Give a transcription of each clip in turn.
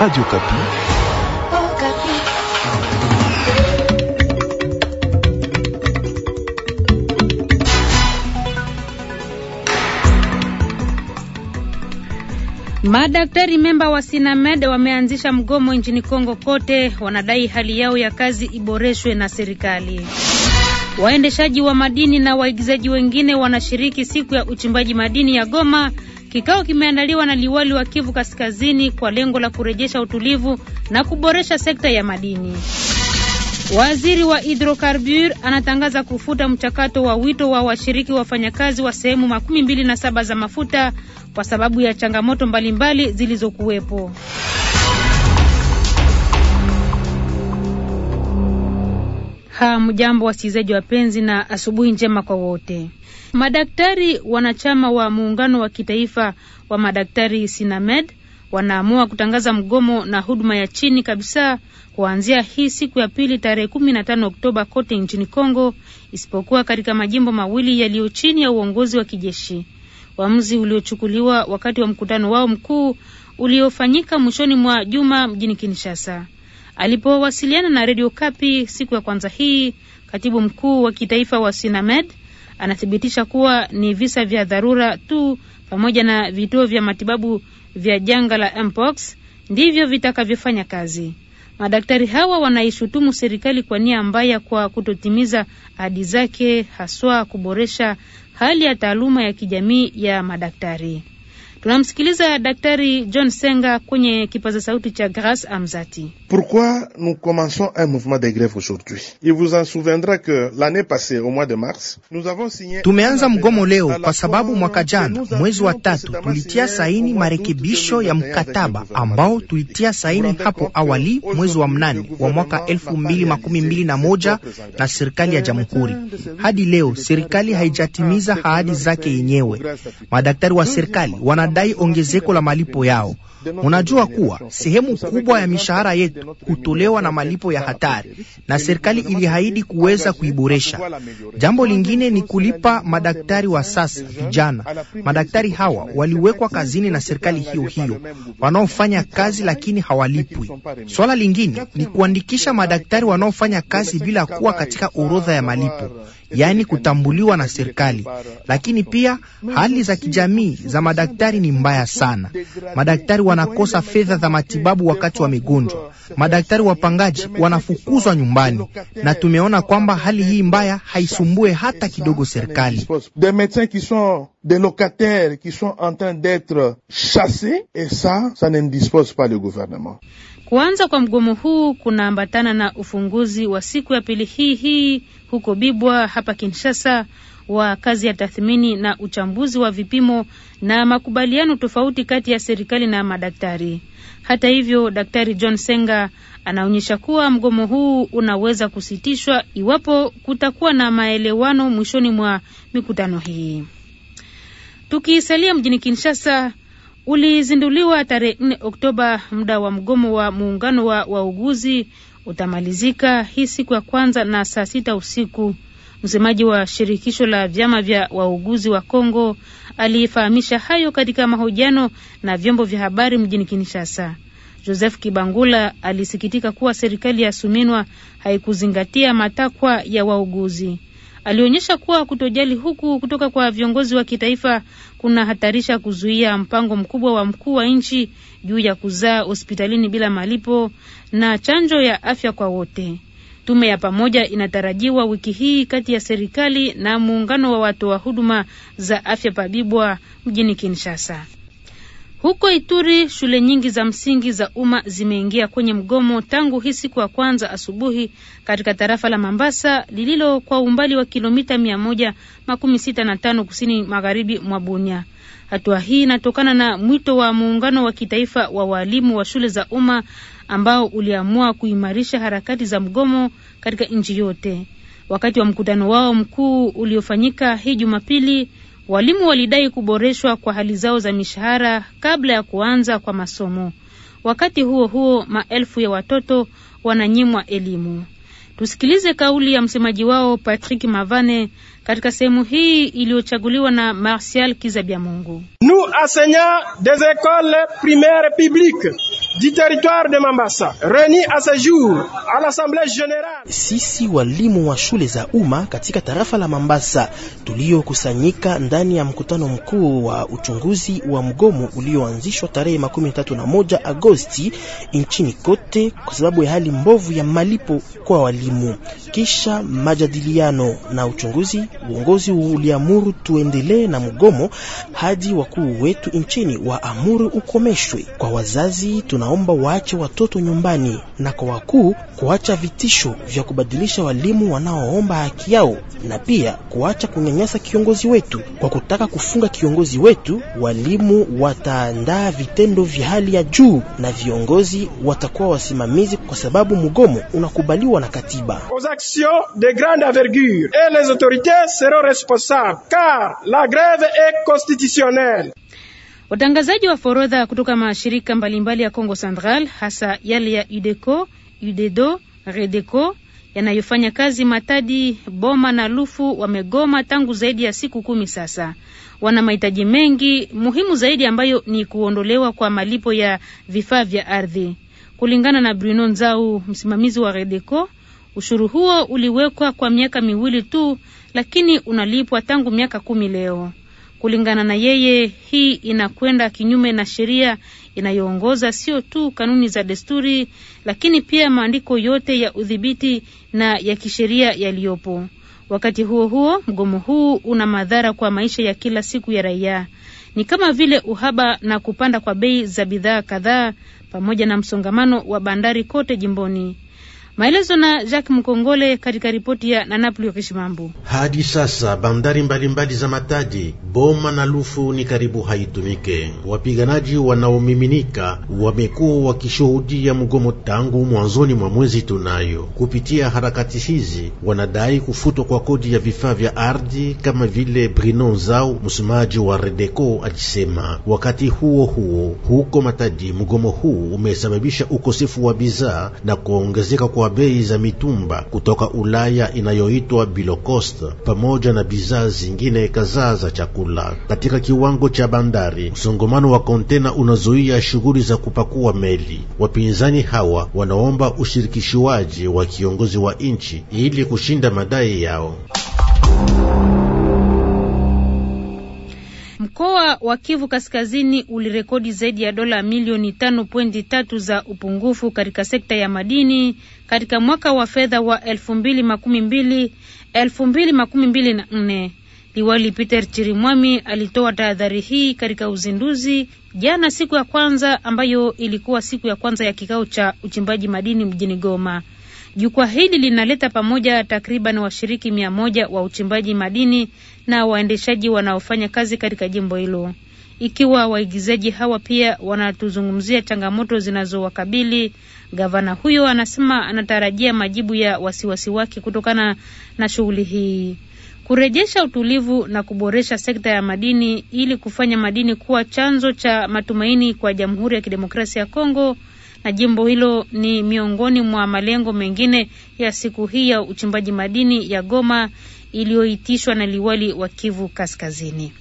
Radio Okapi. Madaktari memba wa Sinamed wameanzisha mgomo nchini Kongo kote, wanadai hali yao ya kazi iboreshwe na serikali. Waendeshaji wa madini na waigizaji wengine wanashiriki siku ya uchimbaji madini ya Goma Kikao kimeandaliwa na liwali wa Kivu Kaskazini kwa lengo la kurejesha utulivu na kuboresha sekta ya madini. Waziri wa hidrokarbur anatangaza kufuta mchakato wa wito wa washiriki wafanyakazi wa sehemu makumi mbili na saba za mafuta kwa sababu ya changamoto mbalimbali zilizokuwepo. Hamjambo wasikilizaji wapenzi, na asubuhi njema kwa wote. Madaktari wanachama wa muungano wa kitaifa wa madaktari Sinamed wanaamua kutangaza mgomo na huduma ya chini kabisa kuanzia hii siku ya pili tarehe 15 Oktoba kote nchini Kongo isipokuwa katika majimbo mawili yaliyo chini ya uongozi wa kijeshi. Uamuzi uliochukuliwa wakati wa mkutano wao mkuu uliofanyika mwishoni mwa juma mjini Kinshasa. Alipowasiliana na Radio Kapi siku ya kwanza hii, katibu mkuu wa kitaifa wa Sinamed anathibitisha kuwa ni visa vya dharura tu pamoja na vituo vya matibabu vya janga la mpox ndivyo vitakavyofanya kazi. Madaktari hawa wanaishutumu serikali kwa nia mbaya kwa kutotimiza ahadi zake, haswa kuboresha hali ya taaluma ya kijamii ya madaktari. Tunamsikiliza Daktari John Senga kwenye kipaza sauti cha Grace Amzati. Pourquoi nous commençons un mouvement de grève aujourd'hui? Il vous en souviendra que l'année passée au mois de mars, nous avons signé. Tumeanza mgomo leo kwa sababu mwaka jana mwezi wa tatu tulitia saini marekebisho ya mkataba ambao tulitia saini hapo awali mwezi wa mnane wa mwaka elfu mbili makumi mbili na moja na serikali ya jamhuri. Hadi leo serikali haijatimiza ahadi zake yenyewe. Madaktari wa serikali wana wanadai ongezeko la malipo yao. Unajua kuwa sehemu kubwa ya mishahara yetu hutolewa na malipo ya hatari, na serikali iliahidi kuweza kuiboresha. Jambo lingine ni kulipa madaktari wa sasa vijana. Madaktari hawa waliwekwa kazini na serikali hiyo hiyo, wanaofanya kazi lakini hawalipwi. Swala lingine ni kuandikisha madaktari wanaofanya kazi bila kuwa katika orodha ya malipo yaani kutambuliwa na serikali, lakini pia hali za kijamii za madaktari ni mbaya sana. Madaktari wanakosa fedha za matibabu wakati wa migonjwa, madaktari wapangaji wanafukuzwa nyumbani, na tumeona kwamba hali hii mbaya haisumbue hata kidogo serikali. des locataires qui sont en train d'être chassés et ça, ça pas le gouvernement. Kuanza kwa mgomo huu kunaambatana na ufunguzi wa siku ya pili hii hii huko Bibwa hapa Kinshasa wa kazi ya tathmini na uchambuzi wa vipimo na makubaliano tofauti kati ya serikali na madaktari. Hata hivyo, Daktari John Senga anaonyesha kuwa mgomo huu unaweza kusitishwa iwapo kutakuwa na maelewano mwishoni mwa mikutano hii. Tukisalia mjini Kinshasa, ulizinduliwa tarehe 4 Oktoba. Muda wa mgomo wa muungano wa wauguzi utamalizika hii siku ya kwanza na saa sita usiku. Msemaji wa shirikisho la vyama vya wauguzi wa Kongo aliyefahamisha hayo katika mahojiano na vyombo vya habari mjini Kinshasa. Joseph Kibangula alisikitika kuwa serikali ya Suminwa haikuzingatia matakwa ya wauguzi alionyesha kuwa kutojali huku kutoka kwa viongozi wa kitaifa kunahatarisha kuzuia mpango mkubwa wa mkuu wa nchi juu ya kuzaa hospitalini bila malipo na chanjo ya afya kwa wote. Tume ya pamoja inatarajiwa wiki hii kati ya serikali na muungano wa watoa wa huduma za afya Pabibwa mjini Kinshasa. Huko Ituri shule nyingi za msingi za umma zimeingia kwenye mgomo tangu hii siku ya kwanza asubuhi katika tarafa la Mambasa lililo kwa umbali wa kilomita mia moja makumi sita na tano kusini magharibi mwa Bunia. Hatua hii inatokana na mwito wa muungano wa kitaifa wa waalimu wa shule za umma ambao uliamua kuimarisha harakati za mgomo katika nchi yote. Wakati wa mkutano wao mkuu uliofanyika hii Jumapili, Walimu walidai kuboreshwa kwa hali zao za mishahara kabla ya kuanza kwa masomo. Wakati huo huo, maelfu ya watoto wananyimwa elimu. Tusikilize kauli ya msemaji wao Patrick Mavane katika sehemu hii iliyochaguliwa na Martial Kizabiamungu enseignants des écoles primaires publiques du territoire de Mambasa réunis à ce jour à l'assemblée générale. Sisi walimu wa shule za umma katika tarafa la Mambasa tuliokusanyika ndani ya mkutano mkuu wa uchunguzi wa mgomo ulioanzishwa tarehe makumi Agosti nchini kote kwa sababu ya hali mbovu ya malipo kwa walimu. Kisha majadiliano na uchunguzi, uongozi uliamuru tuendelee na mgomo hadi wakuu wetu nchini waamuru ukomeshwe. Kwa wazazi, tunaomba waache watoto nyumbani, na kwa wakuu kuacha vitisho vya kubadilisha walimu wanaoomba haki yao, na pia kuacha kunyanyasa kiongozi wetu. Kwa kutaka kufunga kiongozi wetu, walimu wataandaa vitendo vya hali ya juu na viongozi watakuwa wasimamizi, kwa sababu mgomo unakubaliwa na katiba. Aux actions de grande envergure et les autorités seront responsables car la grève est constitutionnelle. Watangazaji wa forodha kutoka mashirika mbalimbali ya Congo Central, hasa yale ya UDECO, UDEDO, REDECO yanayofanya kazi Matadi, Boma na Lufu wamegoma tangu zaidi ya siku kumi sasa. Wana mahitaji mengi muhimu zaidi ambayo ni kuondolewa kwa malipo ya vifaa vya ardhi. Kulingana na Bruno Nzau, msimamizi wa Redeco, ushuru huo uliwekwa kwa miaka miwili tu, lakini unalipwa tangu miaka kumi leo. Kulingana na yeye, hii inakwenda kinyume na sheria inayoongoza sio tu kanuni za desturi, lakini pia maandiko yote ya udhibiti na ya kisheria yaliyopo. Wakati huo huo, mgomo huu una madhara kwa maisha ya kila siku ya raia, ni kama vile uhaba na kupanda kwa bei za bidhaa kadhaa pamoja na msongamano wa bandari kote jimboni. Maelezo na Jacques Mkongole katika ripoti ya Nanaplu Kishimambu. Hadi sasa bandari mbalimbali mbali za Matadi, Boma na Lufu ni karibu haitumike. Wapiganaji wanaomiminika wamekuwa wakishuhudia mgomo tangu mwanzoni mwa mwezi tunayo. Kupitia harakati hizi, wanadai kufutwa kwa kodi ya vifaa vya ardhi, kama vile Brino Zau, msemaji wa Redeco, alisema. Wakati huo huo, huko Matadi, mgomo huu umesababisha ukosefu wa bidhaa na kuongezeka kwa wa bei za mitumba kutoka Ulaya inayoitwa bilocost pamoja na bidhaa zingine kadhaa za chakula katika kiwango cha bandari. Msongamano wa kontena unazuia shughuli za kupakua meli. Wapinzani hawa wanaomba ushirikishwaji wa kiongozi wa nchi ili kushinda madai yao. Mkoa wa Kivu Kaskazini ulirekodi zaidi ya dola milioni tatu za upungufu katika sekta ya madini katika mwaka wa fedha wa 2012 nne. Liwali Peter Chirimwami alitoa tahadhari hii katika uzinduzi jana siku ya kwanza ambayo ilikuwa siku ya kwanza ya kikao cha uchimbaji madini mjini Goma. Jukwaa hili linaleta pamoja takriban washiriki mia moja wa uchimbaji madini na waendeshaji wanaofanya kazi katika jimbo hilo. Ikiwa waigizaji hawa pia wanatuzungumzia changamoto zinazowakabili, gavana huyo anasema anatarajia majibu ya wasiwasi wake kutokana na shughuli hii, kurejesha utulivu na kuboresha sekta ya madini ili kufanya madini kuwa chanzo cha matumaini kwa Jamhuri ya Kidemokrasia ya Kongo na jimbo hilo ni miongoni mwa malengo mengine ya siku hii ya uchimbaji madini ya Goma iliyoitishwa na liwali wa Kivu Kaskazini.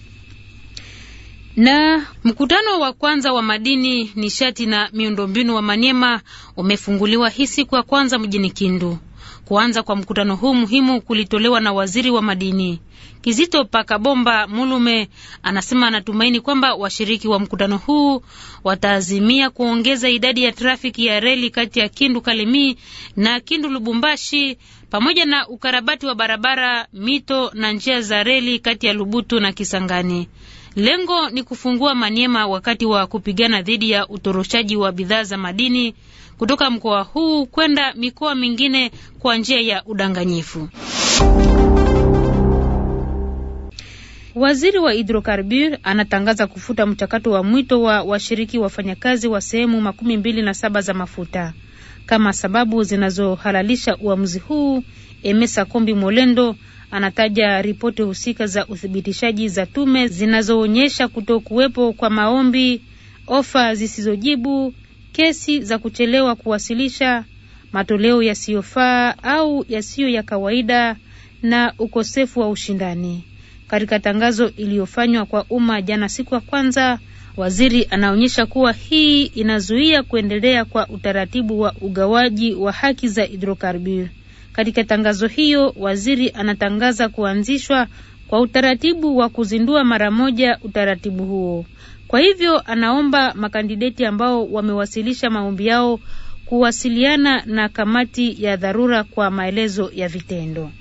Na mkutano wa kwanza wa madini, nishati na miundombinu wa Maniema umefunguliwa hii siku ya kwanza mjini Kindu. Kuanza kwa mkutano huu muhimu kulitolewa na waziri wa madini Kizito Pakabomba Mulume anasema anatumaini kwamba washiriki wa mkutano huu wataazimia kuongeza idadi ya trafiki ya reli kati ya Kindu kalemi na Kindu Lubumbashi pamoja na ukarabati wa barabara, mito na njia za reli kati ya Lubutu na Kisangani. Lengo ni kufungua Maniema wakati wa kupigana dhidi ya utoroshaji wa bidhaa za madini kutoka mkoa huu kwenda mikoa mingine kwa njia ya udanganyifu. Waziri wa hidrokarbur anatangaza kufuta mchakato wa mwito wa washiriki wafanyakazi wa sehemu makumi mbili na saba za mafuta kama sababu zinazohalalisha uamuzi huu. Emesa Kombi Molendo anataja ripoti husika za uthibitishaji za tume zinazoonyesha kutokuwepo kwa maombi, ofa zisizojibu, kesi za kuchelewa kuwasilisha, matoleo yasiyofaa au yasiyo ya kawaida na ukosefu wa ushindani. Katika tangazo iliyofanywa kwa umma jana siku ya kwanza, waziri anaonyesha kuwa hii inazuia kuendelea kwa utaratibu wa ugawaji wa haki za hidrokarbur. Katika tangazo hiyo, waziri anatangaza kuanzishwa kwa utaratibu wa kuzindua mara moja utaratibu huo. Kwa hivyo anaomba makandideti ambao wamewasilisha maombi yao kuwasiliana na kamati ya dharura kwa maelezo ya vitendo.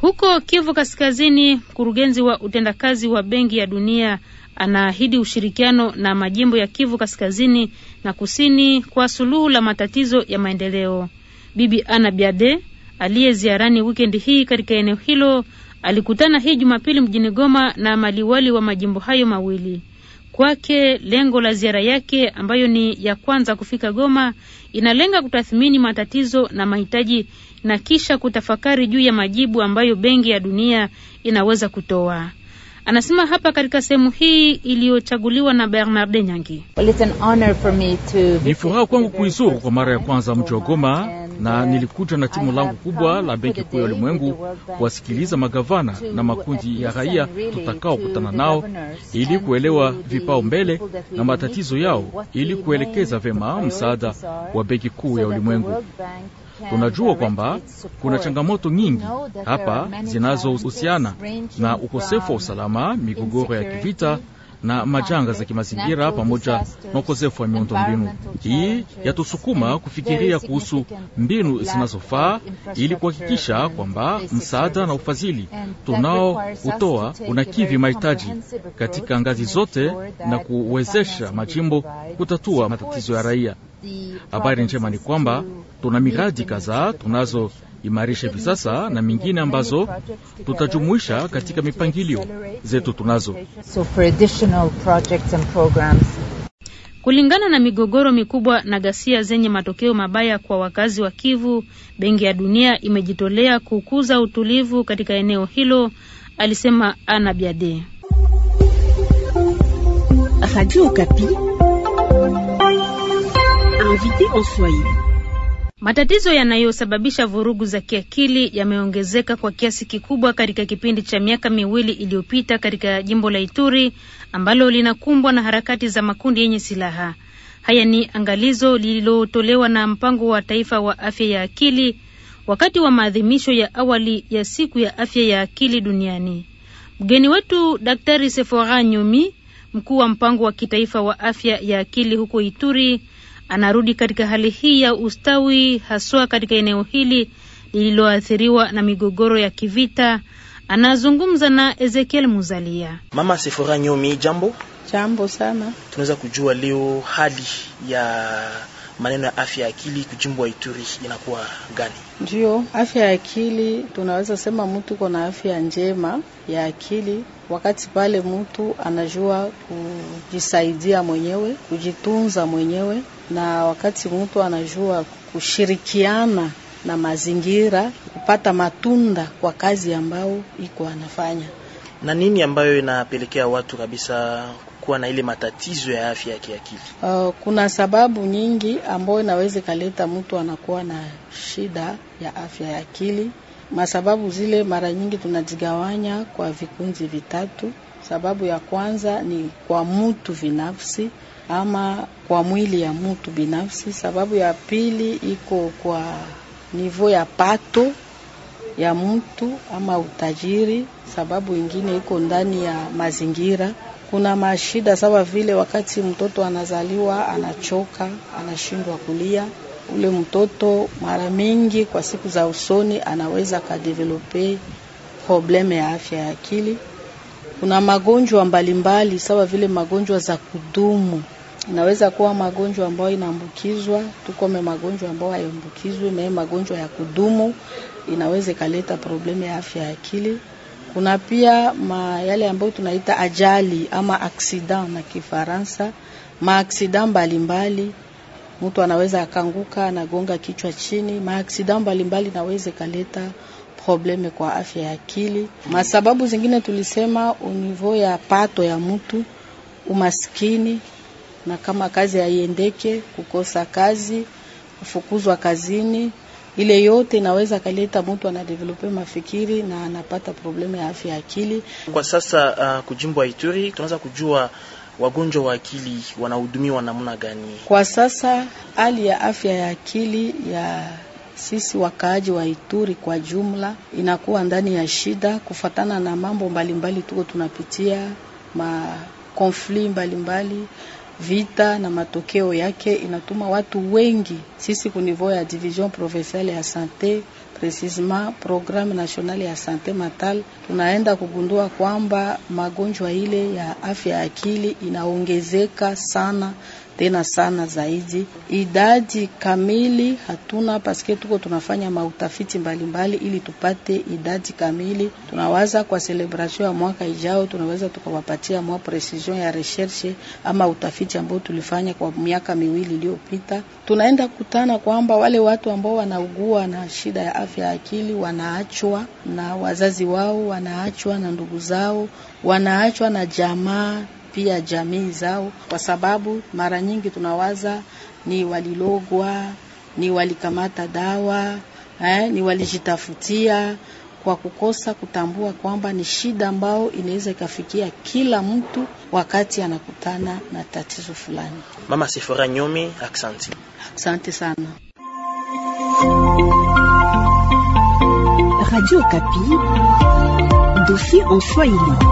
Huko Kivu Kaskazini, mkurugenzi wa utendakazi wa Benki ya Dunia anaahidi ushirikiano na majimbo ya Kivu Kaskazini na Kusini kwa suluhu la matatizo ya maendeleo. Bibi Ana Biade aliye ziarani wikendi hii katika eneo hilo alikutana hii Jumapili mjini Goma na maliwali wa majimbo hayo mawili. Kwake lengo la ziara yake ambayo ni ya kwanza kufika Goma inalenga kutathmini matatizo na mahitaji na kisha kutafakari juu ya majibu ambayo Benki ya Dunia inaweza kutoa. Anasema hapa katika sehemu hii iliyochaguliwa na Bernarde Nyangi. ni furaha kwangu kuizuru kwa mara ya kwanza mji wa Goma uh, na nilikuja na timu langu kubwa la Benki Kuu ya Ulimwengu kuwasikiliza magavana na makundi ya raia tutakaokutana nao ili kuelewa vipao mbele na matatizo yao ili kuelekeza vyema msaada wa Benki Kuu ya Ulimwengu. Tunajua kwamba kuna changamoto nyingi hapa zinazohusiana na ukosefu wa usalama, migogoro ya kivita na majanga za kimazingira pamoja na ukosefu wa miundo mbinu Hii yatusukuma kufikiria kuhusu mbinu zinazofaa ili kuhakikisha kwamba msaada na ufadhili tunao utoa unakidhi mahitaji katika ngazi zote na kuwezesha majimbo kutatua matatizo ya raia. Habari njema ni kwamba Tuna miradi kadhaa tunazoimarisha hivi sasa na mingine ambazo tutajumuisha katika mipangilio zetu tunazo Kulingana na migogoro mikubwa na ghasia zenye matokeo mabaya kwa wakazi wa Kivu, Benki ya Dunia imejitolea kukuza utulivu katika eneo hilo, alisema Ana Biade. Radio Okapi invité en Swahili. Matatizo yanayosababisha vurugu za kiakili yameongezeka kwa kiasi kikubwa katika kipindi cha miaka miwili iliyopita katika jimbo la Ituri ambalo linakumbwa na harakati za makundi yenye silaha. Haya ni angalizo lililotolewa na mpango wa taifa wa afya ya akili wakati wa maadhimisho ya awali ya siku ya afya ya akili duniani. Mgeni wetu Daktari Sefora Nyumi, mkuu wa mpango wa kitaifa wa afya ya akili huko Ituri, anarudi katika hali hii ya ustawi, haswa katika eneo hili lililoathiriwa na migogoro ya kivita. Anazungumza na Ezekiel Muzalia. Mama Sefora Nyomi, jambo. Jambo sana. Tunaweza kujua leo hali ya maneno ya afya ya akili kujimbwa Ituri inakuwa gani? Ndio, afya ya akili tunaweza sema mtu uko na afya njema ya akili wakati pale mtu anajua kujisaidia mwenyewe, kujitunza mwenyewe, na wakati mtu anajua kushirikiana na mazingira, kupata matunda kwa kazi ambayo iko anafanya. Na nini ambayo inapelekea watu kabisa kuwa na ile matatizo ya afya ya kiakili? Uh, kuna sababu nyingi ambayo inaweza ikaleta mtu anakuwa na shida ya afya ya akili. Masababu zile mara nyingi tunajigawanya kwa vikunzi vitatu. Sababu ya kwanza ni kwa mtu binafsi ama kwa mwili ya mtu binafsi. Sababu ya pili iko kwa nivo ya pato ya mtu ama utajiri, sababu ingine iko ndani ya mazingira. Kuna mashida sawa vile wakati mtoto anazaliwa anachoka, anashindwa kulia ule mtoto mara mingi kwa siku za usoni anaweza kadevelope probleme ya afya ya akili. Kuna magonjwa mbalimbali sawa vile magonjwa za kudumu, inaweza kuwa magonjwa ambayo inaambukizwa, tukome magonjwa ambayo hayambukizwi, naye magonjwa ya kudumu inaweza ikaleta probleme ya afya ya akili. Kuna pia ma yale ambayo tunaita ajali ama accident na Kifaransa, maaksida mbalimbali, mtu anaweza akanguka anagonga kichwa chini. Maaksida mbalimbali naweza ikaleta probleme kwa afya ya akili. Masababu zingine tulisema univo ya pato ya mtu, umaskini na kama kazi haiendeke, kukosa kazi, kufukuzwa kazini ile yote inaweza kaleta mtu anadevelope mafikiri na anapata problemu ya afya ya akili. Kwa sasa uh, kujimbo Ituri tunaweza kujua wagonjwa wa akili wanahudumiwa namna gani? Kwa sasa hali ya afya ya akili ya sisi wakaaji wa Ituri kwa jumla inakuwa ndani ya shida kufatana na mambo mbalimbali, tuko tunapitia makonfli mbalimbali vita na matokeo yake inatuma watu wengi. Sisi kunivou ya division provinciale ya sante precisement programme national ya sante matal tunaenda kugundua kwamba magonjwa ile ya afya ya akili inaongezeka sana tena sana zaidi. Idadi kamili hatuna paske tuko tunafanya mautafiti mbalimbali ili tupate idadi kamili. Tunawaza kwa celebration ya mwaka ijao, tunaweza tukawapatia mwa precision ya recherche ama utafiti ambao tulifanya kwa miaka miwili iliyopita. Tunaenda kutana kwamba wale watu ambao wanaugua na shida ya afya ya akili wanaachwa na wazazi wao, wanaachwa na ndugu zao, wanaachwa na jamaa pia jamii zao, kwa sababu mara nyingi tunawaza ni walilogwa, ni walikamata dawa eh, ni walijitafutia kwa kukosa kutambua kwamba ni shida ambayo inaweza ikafikia kila mtu wakati anakutana na tatizo fulani. Mama Sifura Nyumi, asante. Asante sana. Radio Kapi, dofi en Swahili.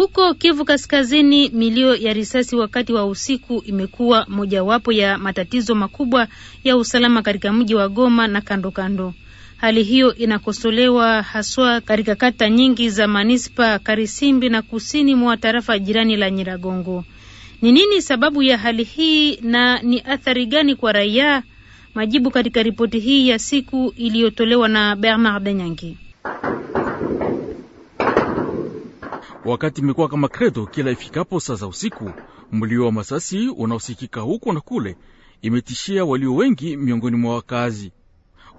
Huko Kivu Kaskazini, milio ya risasi wakati wa usiku imekuwa mojawapo ya matatizo makubwa ya usalama katika mji wa Goma na kando kando. Hali hiyo inakosolewa haswa katika kata nyingi za manispa Karisimbi na kusini mwa tarafa jirani la Nyiragongo. Ni nini sababu ya hali hii na ni athari gani kwa raia? Majibu katika ripoti hii ya siku iliyotolewa na Bernard Nyangi wakati imekuwa kama kredo kila ifikapo saa za usiku. Mlio wa masasi unaosikika huku na kule imetishia walio wengi miongoni mwa wakazi.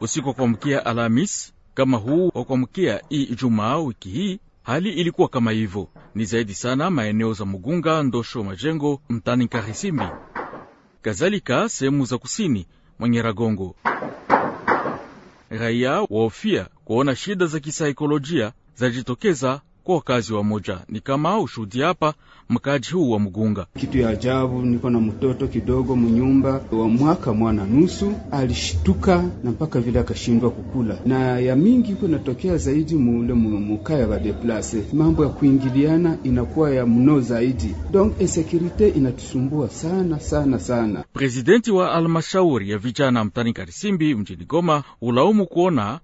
Usiku wa kuamkia Alhamis kama huu wa kuamkia hii Ijumaa wiki hii hali ilikuwa kama hivyo, ni zaidi sana maeneo za Mugunga, Ndosho, Majengo, mtani Karisimbi, kadhalika sehemu za kusini mwa Nyiragongo. Raia waofia kuona shida za kisaikolojia zajitokeza kwa wakazi wa moja ni kama ushuhudi hapa mkaji huu wa Mgunga. Kitu ya ajabu, niko na mtoto kidogo mnyumba wa mwaka mwana nusu, alishtuka na mpaka vile akashindwa kukula, na ya mingi iko inatokea zaidi mule mukaya ya vadeplase, mambo ya kuingiliana inakuwa ya mno zaidi, donc insekurite inatusumbua sana sana sana. Presidenti wa almashauri ya vijana mtani Karisimbi mjini Goma ulaumu kuona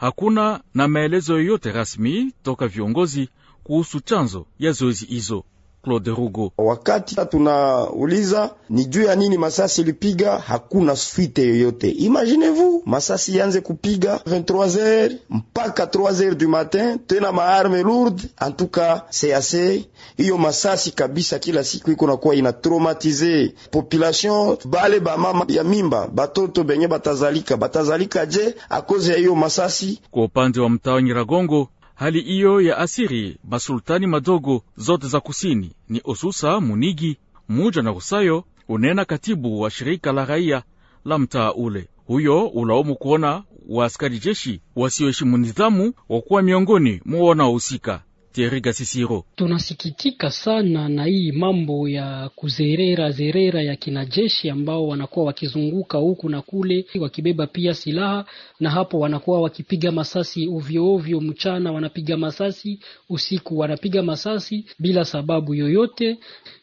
hakuna na maelezo yoyote rasmi toka viongozi kuhusu chanzo ya zoezi hizo. Claude Rugo. Wakati tunauliza ni juu ya nini masasi ilipiga, hakuna swite yoyote. Imaginez-vous masasi yanze kupiga 23h mpaka 3h du matin, tena maarme lourde c'est assez. Hiyo masasi kabisa kila siku iko nakuwa traumatize population, bale mama ya mimba, batoto benye batazalika batazalika je akoze ya hiyo masasi. Kwa upande wa mtaa wa Nyiragongo Hali hiyo ya asiri masultani madogo zote za kusini ni Osusa, Munigi, Muja na Usayo, unena katibu wa shirika la raia la mtaa ule. Huyo ulaumu kuona waaskari jeshi wasioheshimu nidhamu kuwa miongoni mwa wanaohusika Thierry Gasisiro. Tunasikitika sana na hii mambo ya kuzerera zerera ya kinajeshi ambao wanakuwa wakizunguka huku na kule wakibeba pia silaha, na hapo wanakuwa wakipiga masasi ovyo ovyo. Mchana wanapiga masasi, usiku wanapiga masasi bila sababu yoyote,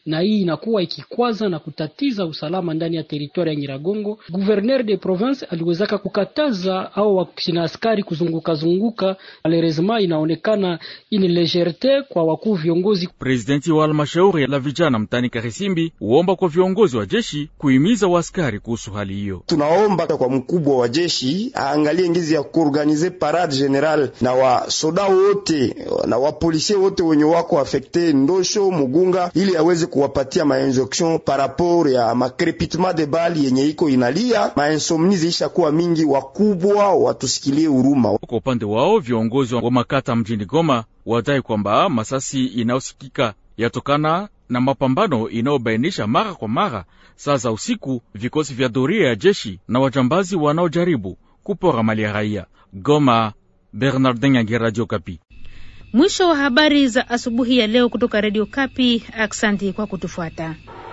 na hii inakuwa ikikwaza na kutatiza usalama ndani ya teritoria ya Nyiragongo. Gouverneur de province aliwezaka kukataza au wakina askari kuzunguka zunguka, malheureusement inaonekana ineleje sharite kwa wakuu viongozi. Presidenti wa halmashauri la vijana mtani Karisimbi uomba kwa viongozi wa jeshi kuhimiza waskari kuhusu hali hiyo. Tunaomba kwa mkubwa wa jeshi aangalie ngizi ya kuorganize parade general na wasoda wote na wapolisie wote wenye wako afekte ndosho Mugunga, ili aweze kuwapatia mainjection parapor ya makrepitement de bali yenye iko inalia mainsomni kuwa mingi. Wakubwa watusikilie huruma. Kwa upande wao viongozi wa makata mjini Goma wadai kwamba masasi inayosikika yatokana na mapambano inayobainisha mara kwa mara saa za usiku, vikosi vya doria ya jeshi na wajambazi wanaojaribu kupora mali ya raia. Goma, Bernardin Yangi, Radio Kapi. Mwisho wa habari za asubuhi ya leo kutoka Radio Kapi. Aksanti kwa kutufuata.